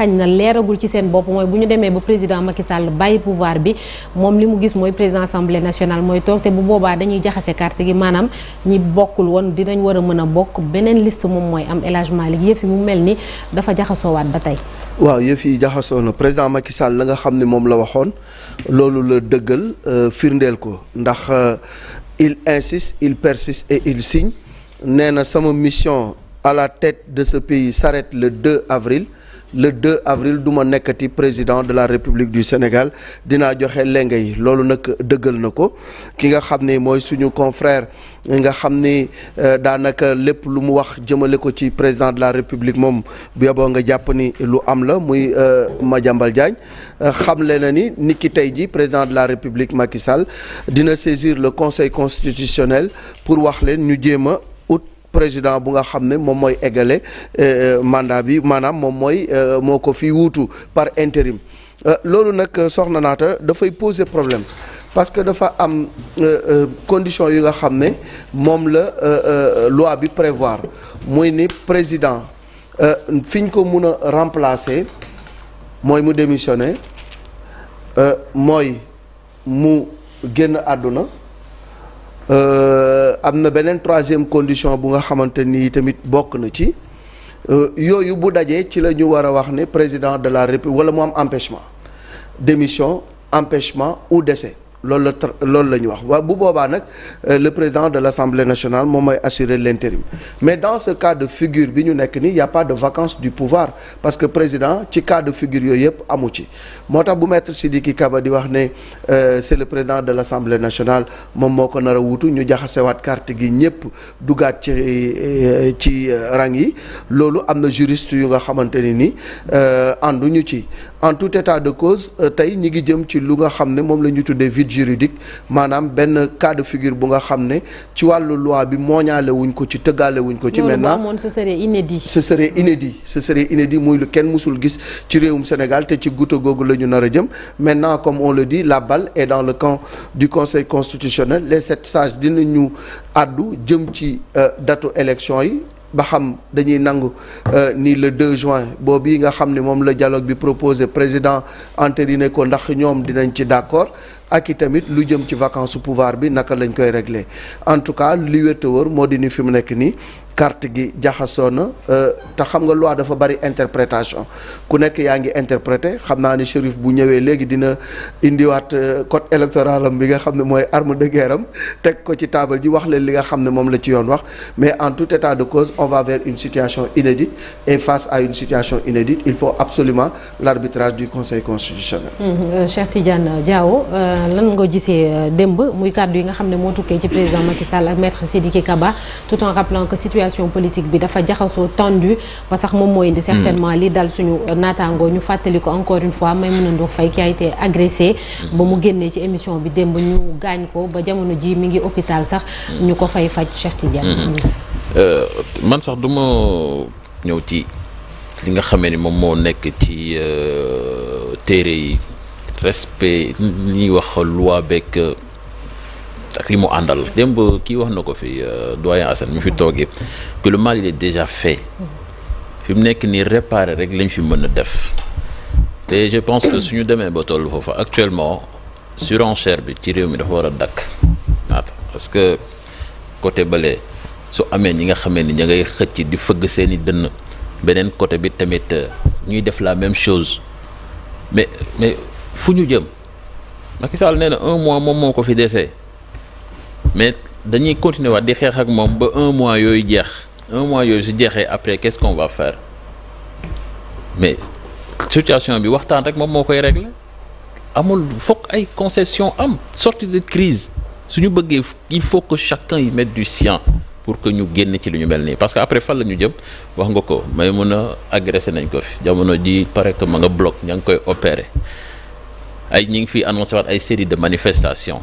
xañ na leeragul ci seen bopp mooy bu ñu demee ba président Macky Sall bàyyi pouvoir bi moom li mu gis mooy président assemblée nationale mooy toog te bu boobaa dañuy jaxase carte gi maanaam ñi bokkul woon dinañ war a mën a bokk beneen liste moom mooy am élagement ligi yëf mu mel ni dafa jaxasoowaat ba tey waaw yëf yi jaxasoo na président Macky Sall la nga xam ne moom la waxoon loolu la dëggal euh, firndeel ko ndax euh, il insiste il persiste et il signe nee na sama mission à de ce pays s'arrête le 2 avril le 2 avril du ma nekkati président de la république du Sénégal dinaa joxe leng yi loolu nag dëggal na ko ki nga xam ne mooy suñu confrère nga xam ni euh, daanaka lépp lu mu wax jëmale ko ci président de la république moom bu yeboo nga jàpp ni lu am la muy euh, Madiambal Diagne euh, xam le na ni nit ki tey ji président de la république Macky Sall dina saisir le conseil constitutionnel pour wax leen ñu jéem a président bu nga xam ne moom mooy eggale euh, euh, mandat bi maanaam moom mooy euh, moo ko fi wuutu par intérim loolu nag soxna naata dafay poser problème parce que dafa am condition yi nga xam ne moom la loi bi prévoir muy ni président fi ñu ko mun a remplacer mooy mu démissionner mooy mu génn àdduna Euh, am na beneen troisième condition bu nga xamante ni tamit bokk na ci euh, yooyu bu dajee ci la ñu war a wax ne président de la république wala mu am empêchement démission empêchement ou décès loolu la loolu la ñu wax waaw bu boobaa nag euh, le président de l'Assemblée nationale moom mooy assurer l'intérim mais dans ce cas de figure bi ñu nekk nii y a pas de vacance du pouvoir parce que président ci cas de figure yooyu yëpp amu ci moo tax bu maître Sidiki Kaba di wax ne euh, c'est le président de l'Assemblée nationale moom moo ko nar a wutu ñu jaxasewaat carte gi ñëpp dugaat ci euh, ci rang yi loolu am na juriste yu nga xamante ni ni ànduñu ci en tout état de cause tey ñi ngi jëm ci lu xam ne moom la ñu tuddee étude juridique maanaam benn cas de bu nga xam ne ci wàllu loi bi mooñaale wuñ ko ci tëggaale ko ci maintenant ce serait inédit ce serait inédit ce serait inédit muy lu kenn mosul gis ci réewum Sénégal te ci guta googu la ñu nar a jëm maintenant comme on di dit la balle est dans le camp du conseil constitutionnel les sept sages dinañu àddu jëm ci euh, datu élection yi ba xam dañuy nangu euh, nii le 2 juin boobu yi nga xam ni moom la dialogue bi proposé président entériné ko ndax ñoom dinañ ci d'accord ak i tamit lu jëm ci vacance pouvoir bi naka lañ koy réglé en tout cas li wér te moo di ni fi mu nekk nii carte gi jaxasoo na euh, te xam nga loi dafa bari interprétation ku nekk yaa ngi interprété xam naa ni shérif bu ñëwee léegi dina indiwaat euh, code électoral bi nga xam ne mooy arme de guerre am teg ko ci taabal ji wax leen li nga xam ne moom la ci yoon wax mais en tout état de cause on va vers une situation inédite et face à une situation inédite il faut absolument l'arbitrage du conseil constitutionnel. Euh, Cheikh situation politique bi dafa jaxasoo tendu ba sax moom moo indi certainement li dal suñu naataangoo ñu fàttali ko encore une fois Maimouna Ndour Faye qui a été agressé ba mu génnee ci émission bi démb ñu gaañ ko ba jamono ji mu ngi hôpital sax ñu ko fay faj Cheikh Tidiane mhm. euh, man sax du ma ñëw ci li nga xame ni moom moo nekk ci euh, téere yi respect li wax loi beeg euh, ak li mu àndal démb kii wax na ko fi euh, doyen Assane mu fi toogee que lu mali il est déjà fait fi mu nekk nii réparer rek lañ fi mën a def te je pense que suñu demee ba toll foofa actuellement surenchère bi ci réew mi dafa war a dakk naata parce que côté bale su amee ñi nga xamee ni ña ngay xëcc di fëgg seeni dënn beneen côté bi tamit euh, ñuy def la même chose mais mais fu ñu jëm Macky Sall nee na un mois moom moo ko fi desee mais dañuy continuer waat di xeex ak moom ba un mois yooyu jeex un mois yooyu su jeexee après qu'est-ce qu'on va faire mais situation bi waxtaan rek moom moo koy régler amul foog ay concession am sortie de crise suñu bëggee il faut que chacun y mette du sien pour que ñu génn ci lu ñu mel nii parce que après fan la ñu jëm wax nga ko may mën a agressé nañ ko fi jamono di pare que ma nga bloc ña ngi koy opéré ay ñi ngi fi annoncé waat ay série de manifestations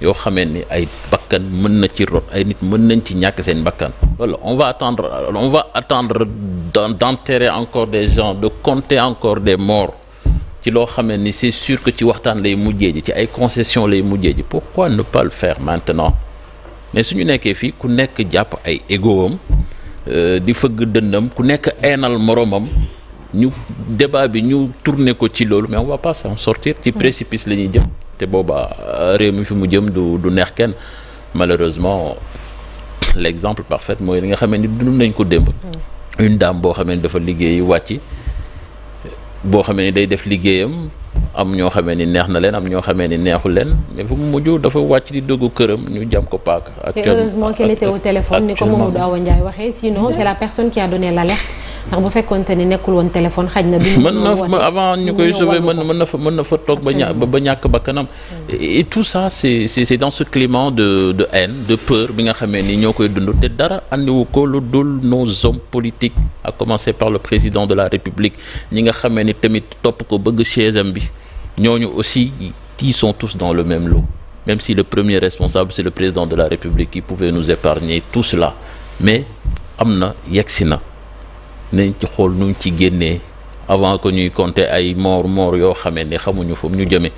yoo xamee ni ay bakkan mën na ci rot ay nit mën nañ ci ñàkk seen bakkan loolu on va attendre on va attendre d'enterrer encore des gens de compter encore des morts ci loo xamee ni c'est sûr que ci waxtaan lay mujjee ji ci ay concessions lay mujjee ji pourquoi ne pas le faire maintenant mais ñu nekkee fii ku nekk jàpp ay égoam euh, di fëgg dëndam ku nekk eenal moromam ñu débat bi ñu tourner ko ci loolu mais on va pas s'en sortir ci précipice la ñuy jëm te boobaa euh, réew mi fi mu jëm du du neex kenn malheureusement l'exemple parfait mooy li nga xamee ni dund nañ ko démb. Mm. une dame boo xamee ni dafa liggéey wàcc boo xamee ni day def liggéeyam am ñoo xamee ni neex na leen am ñoo xamee ni neexul leen mais fu mu mujj dafa wàcc di dugg këram ñu jam ko paak. actuellement heureusement qu'elle était au téléphone ni ko Mamadou waxee sinon c'est la personne qui a donné l'alerte. ndax bu fekkonte ni nekkul woon téléphone xaj na. mën na fa avant ñu koy sauver mën mën na fa mën na fa toog ba ña ba ñàkk bakkanam et tout ça c'est c'est dans ce climat de de haine de peur bi nga xamee ni ñoo koy dund te dara andiwu ko lu dul nos hommes politiques à commencer par le président de la République ñi nga xamee ni tamit topp ko bëgg chaise am bi ñooñu aussi ils sont tous dans le même lot. même si le premier responsable c'est le président de la République qui pouvait nous épargner tout cela mais am na yegsi na nañ ci xool nu ci génnee avant que ñuy compter ay moor moor yoo xamee ni xamuñu fu ñu jëmee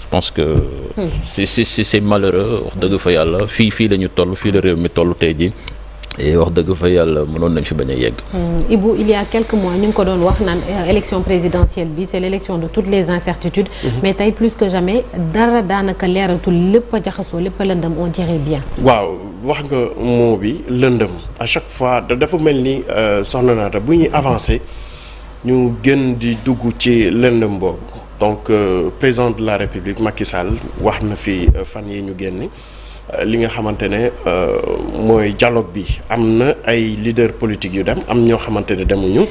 je pense que hmm. c'est c'est c'est malheureux wax dëgg fa yàlla fii fii la ñu toll fii la réew mi toll tey jii wax dëgg fa yàlla mënoon nañ fi bañ a yegg. Hmm, Ibou il y a mois ñu ngi ko doon wax naan euh, élection présidentielle bi c' est l' élection de toutes les incertitudes. Mhm. mais tey plus que jamais dara daanaka leeratul lépp a jaxasoo lépp a lëndëm on dirait bien. waaw wax nga moo bi lëndëm à chaque fois dafa mel ni euh, soxna naata bu ñuy avancer ñu gën di dugg ci lëndëm boobu donc euh, président de la république Macky wax na fi euh, fan yi ñu génne. li nga xamante ne euh, mooy dialogue bi am na ay leader politique yu dem am ñoo xamante ne demuñu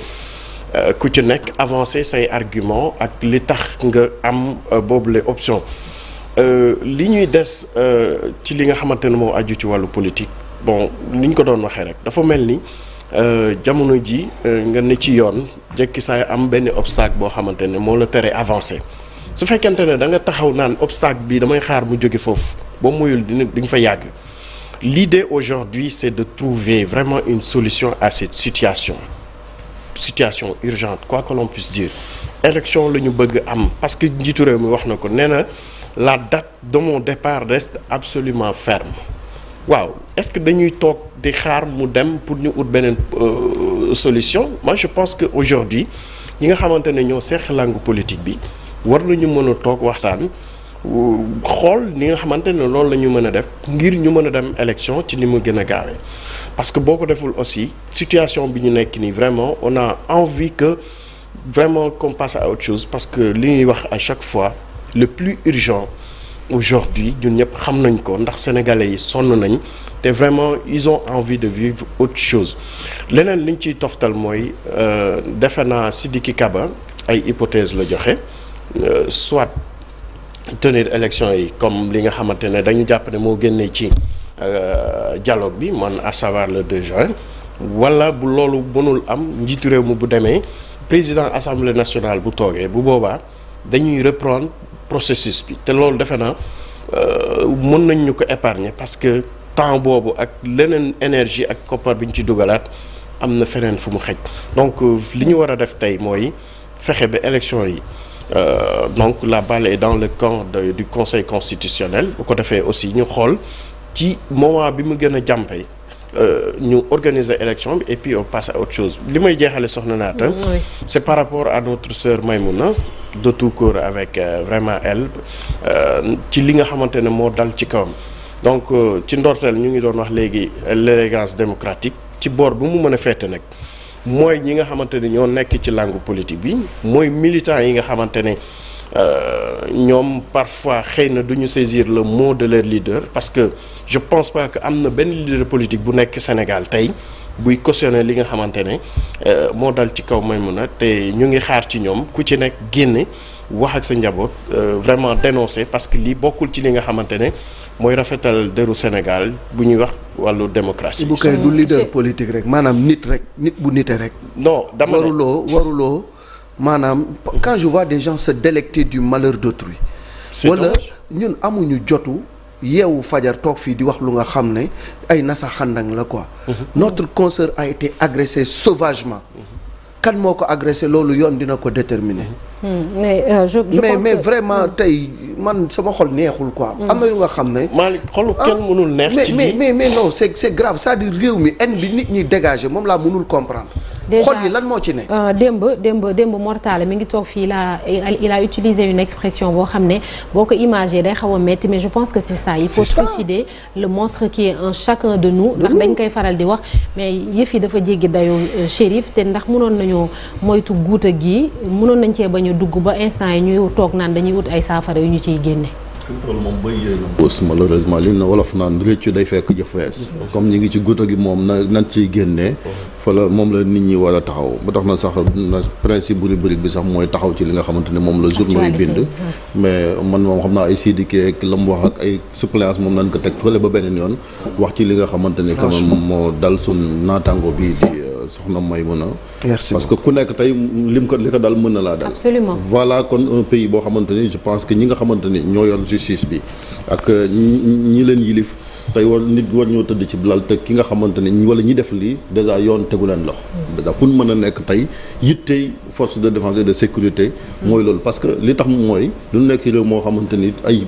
euh, ku ci nekk avancer say argument ak li tax nga am euh, boobule option li ñuy des ci li nga xamante ne moo aju ci wàllu politique bon ni ñu ko doon waxee rek dafa mel ni jamono ji nga ne ci yoon jekki saay am benn obstacle boo xamante ne moo la tere avancer su fekkente ne da nga taxaw naan obstacle bi damay xaar mu jóge foofu ba moyul dina di nga fa yàgg l'idée aujourd'hui c'est de trouver vraiment une solution à cette situation situation urgente quoi que l'on puisse dire élection la ñu bëgg am parce que njiitu réew mi wax na ko nee na la dat de mon départ reste absolument ferme waaw est-ce que dañuy toog di xaar mu dem pour ñu ut beneen euh, solution moi je pense que aujourd'hui ñi nga xamante ne ñoo seex langue politique bi war nañu mën a toog waxtaan xool ni nga xamante ne loolu la ñu mën a def ngir ñu mën a dem élection ci ni mu gën a gaawee parce que boo ko deful aussi situation bi ñu nekk nii vraiment on a envie que vraiment qu'on passe à autre chose parce que li ñuy wax à chaque fois le plus urgent aujourd'hui ñun ñëpp xam nañ ko ndax sénégalais yi sonn nañ te vraiment ils ont envie de vivre autre chose leneen li ñu ciy toftal mooy euh, defe naa Sidiki Kaba ay hypothèses la joxe euh, soit tenir élection yi comme li nga xamante ne dañu jàpp ne moo génnee ci euh, dialogue bi mën à savoir le juin wala bu loolu mënul am njiitu réew mi bu demee président assemblée nationale bu toogee bu boobaa dañuy reprendre processus bi te loolu defe naa euh, mën nañ ko épargner parce que temps boobu ak leneen énergie ak koppar bi ñu ci dugalaat am na feneen fu mu xej donc euh, li ñu war a def tey mooy fexe ba élection yi Euh, donc la balle est dans le camp de, du conseil constitutionnel bu ko defee aussi ñu xool ci moment bi mu gën a jàmpee euh, ñu organiser élection bi et puis on passe à autre chose li may jeexale soxna naata mm, c'est par rapport à notre sœur Maïmouna de tout cœur avec euh, vraiment elle euh, ci li nga xamante ne moo dal ci kawam donc euh, ci ndorteel ñu ngi doon wax léegi l'élégance démocratique ci boor bu mu mën a féete nag mooy ñi nga xamante ne ñoo nekk ci langue politique bi mooy militants yi nga xamante ne euh, ñoom parfois xëy na du ñu saisir le mot de leur leader parce que je pense pas que am na benn leader politique bu nekk Sénégal tey buy cautionner li nga xamante ne euh, moo dal ci kaw Maïmouna te ñu ngi xaar ci ñoom ku ci nekk génne wax ak sa njaboot euh, vraiment dénoncer parce que lii bokkul ci li nga xamante ne mooy rafetal deru Sénégal bu ñuy wax wàllu démocratie. bu koy du leader politique rek maanaam nit rek nit bu nite rek. non waruloo waruloo maanaam quand je vois des gens se délecter du malheur d'autrui wala ñun amuñu jotu yeewu fajar toog fii di wax lu nga xam ne ay nasa xandang la quoi. Mhm. notre consoeur a été agressée sauvagement. kan moo ko agressé loolu yoon dina ko déterminé hmm, mais euh, mais vraiment hmm. tey. man sama xol neexul quoi. Mm. am na yu nga xam ne. Malick xolu kenn ah, mënul neex. ci mais mais mais non c'est c'est grave cest à réew mi haine bi nit ñi dégagé moom laa mënul comprendre. xol yi lan moo ci ne. Euh, démb démb démb mortale mi ngi toog fii il a il a utilisé une expression boo xam ne boo ko imagé day xaw a métti mais je pense que c' est ça. il faut trucider le monstre qui est en chacun de nous. ndax dañ koy faral di wax mais yëf yi dafa jéggi dayoo euh, shérif te ndax mënoon nañoo moytu guuta gi mënoon nañ cee bañ ñu dugg ba instant yi ñuy toog naan dañuy wut ay saafara yu ñu ciy génne. suñu tool moom béy la. li na wolof naan réccu day fekk jëf fees comme ñi ngi ci guta gi moom na nan ciy génnee. fa la moom la nit ñi war taxaw ba tax na sax na principe bu rubrique bi sax mooy taxaw ci li nga xamante ne moom la journaux yi bind. mais man moom xam naa ay sidikee ak la mu wax ak ay suppléance moom nañ ko teg fële ba beneen yoon. wax ci li nga xamante ne quand même moo dal suñ naataango bii di euh, soxna Maymuna merci parce que ku nekk tey li ko li ko dal mën na laa dal. absolument voilà kon un boo xamante ni je pense que ñi nga xamante ni ñoo yor justice bi ak ñi leen yilif tey war nit war ñoo tëdd ci bilal te ki nga xamante ne wala ñi def lii dèjà yoon tegu leen lox dèjà fu ñu mën a nekk tey yittey force de défense et de sécurité mooy loolu parce que li tax mooy lu nekk réew moo xamante ni ay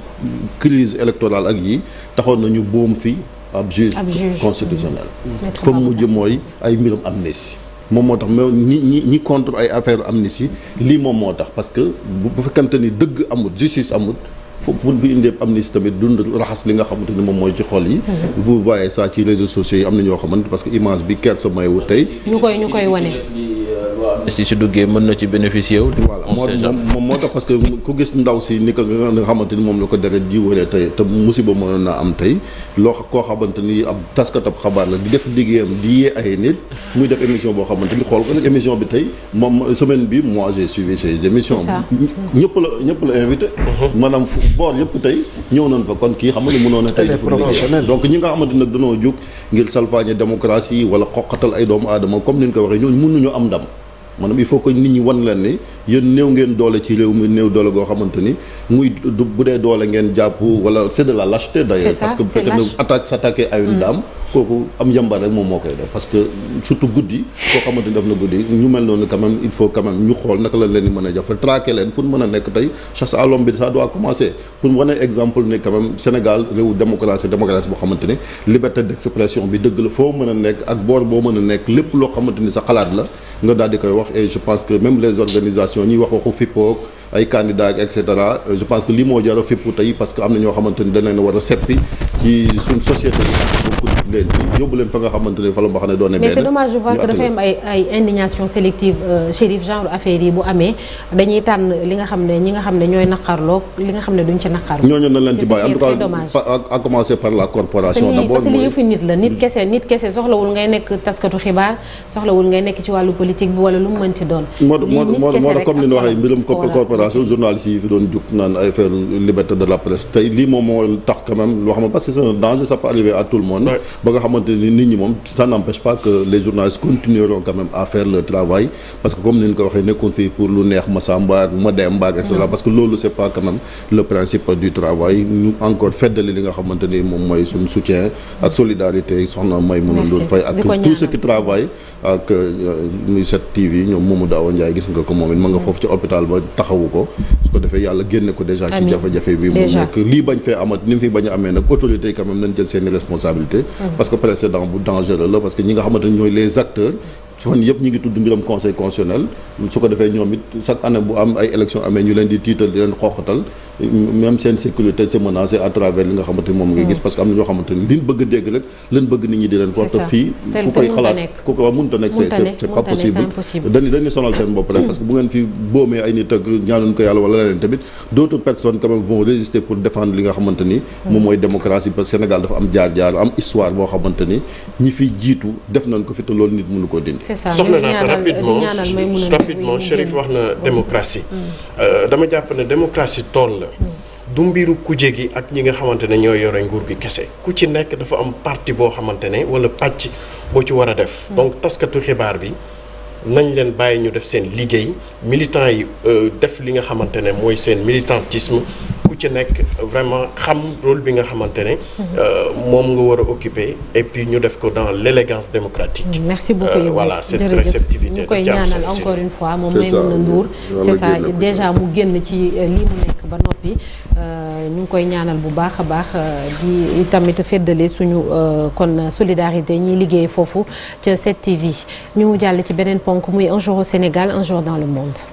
crise électorale ak yi taxoon nañu boom fi ab juge constitutionnel fa mujj mooy ay mbiram amnistie moom moo tax mais ñi ñi ñi contre ay affaire amnistie lii moom moo tax parce que bu fekkante ni dëgg amut justice amut foofu bu indee amnistie tamit dund raxas li nga xamante ni moom mooy ci xol yi. Hmm. vous voyez ça ci réseaux sociaux yi am na ñoo xamante parce image bi kersa mayu tey. ñu koy ñu koy wane. artiste yi si duggee mën na ci bénéficier moo tax parce que ku gis ndaw si ni ko nga xamante ni moom la ko deret ji waree tey te musiba mënoon naa am tey loo koo xamante ni ab taskatab la di def liggéeyam di yee ay nit muy def émission boo xamante ni xool ko nag émission bi tey moom semaine bi moi j'ai suivi ces émissions. ñëpp la ñëpp la invité. Mhm. maanaam fu boor yëpp tey ñëw nañ fa kon kii xam nga mënoon a tey professionnel donc ñi nga xamante nag danoo jóg ngir salfaañe démocratie wala xoqatal comme ni ko waxee ñooñu mënuñu am ndam maanaam il foo que nit ñi wan leen ni yéen néew ngeen doole ci réew mi néew doole goo xamante ni muy du bu dee doole ngeen jàpp wala c'est de la lâcheté d'ailleurs parce que bu fekkee ne attaque s'attaquer à une mm. dame kooku am njambaar rek moom moo koy def parce que surtout guddi koo xamante ni def na guddi ñu mel noonu quand même il faut quand ñu xool naka la leen mën a jafe traquer leen fu mën a nekk tey chasse à l'homme bi ça doit commencer pour wane exemple ne quand même Sénégal réew démocratie démocratie boo xamante ni liberté nekk ak boor boo nekk lépp loo xamante ni sa xalaat la nga daal di manifestation ñuy wax waxu fippoog ay candidats ak euh, je pense que lii moo jar a fippu tey parce que am na ñoo xamante ni dañ war a seppi ci suñ société yi. leen yóbbu leen fa nga xamante ne fa doon mais c'est euh, xam ne ñooy naqarloo li nga xam ne duñ ci naqarloo ñooñu na leen ci bàyyi en tout cas à commencer par la corporation d'abord parce que lii yëfu nit la nit kese nit kese soxlawul ngay nekk taskatu xibaar soxlawul ngay nekk ci wàllu politique bi wala lu mu décoration journalistes yi fi doon jug naan ay faire liberté de la presse tey lii moom moo tax quand même loo xam ne parce que c'est un danger ça peut à tout le monde ba nga xamante ni nit ñi moom ça n'empêche pas que les journalistes continueront quand même à faire leur travail comme ni nekkoon fii pour lu neex ma sàmbaar ma dem mbaag et parce que loolu c'est pas quand même principe du travail encore feddali li nga xamante ni moom mooy suñu soutien ak solidarité soxna may mënoon doon fay ak tout ce qui taxawu su ko defee yàlla génne ko déjà ci jafe-jafe bi mu nekk lii bañ fee amat ni fi bañ amee nag autorité yi quand jël seeni responsabilité parce que précédent bu dangereux la parce que ñi nga xamante ñooy les acteurs fan yëpp ñu ngi tudd mbiram conseil constitutionnel su ko defee ñoom it chaque année bu am ay élection amee ñu leen di tiital leen xooxatal même seen sécurité c'est menacé à li nga xamante ni moom nga mm. gis parce que am na ñoo xamante ni liñ bëgg dégg rek lañ bëgg nit ñi di leen porte fii ku koy xalaat ku ko mooy démocratie parce que Sénégal dafa am jaar jaar am histoire boo xamante ñi fiy jiitu def nañ ko fi te loolu nit mënu ko dindi soxla naa ko rapidement rapidement Chérif wax na démocratie euh, dama jàpp ne démocratie tool la du mbiru kuje gi ak ñi nga xamante ne ñoo yore nguur gi kese ku ci nekk dafa am partie boo xamante ne wala pàcc boo ci war a def hmm. donc taskatu xibaar bi nañ leen bàyyi ñu def seen liggéey militants yi euh, def li nga xamante ne mooy seen militantisme ku ci nekk vraiment xam rôle bi nga xamante ne. Euh, moom nga war a occuper et puis ñu def ko dans l'élégance démocratique. merci beaucoup euh, voilà cette réceptivité koy ñaanal fois moom Maimouna Ndour mu génn ci euh, lii mu nekk ba noppi euh, ñu ngi koy ñaanal bu baax a baax di tamit feddale suñu kon solidarité ñiy liggéey foofu ca 7TV ñu jàll ci beneen ponk muy un jour au Sénégal un dans le monde.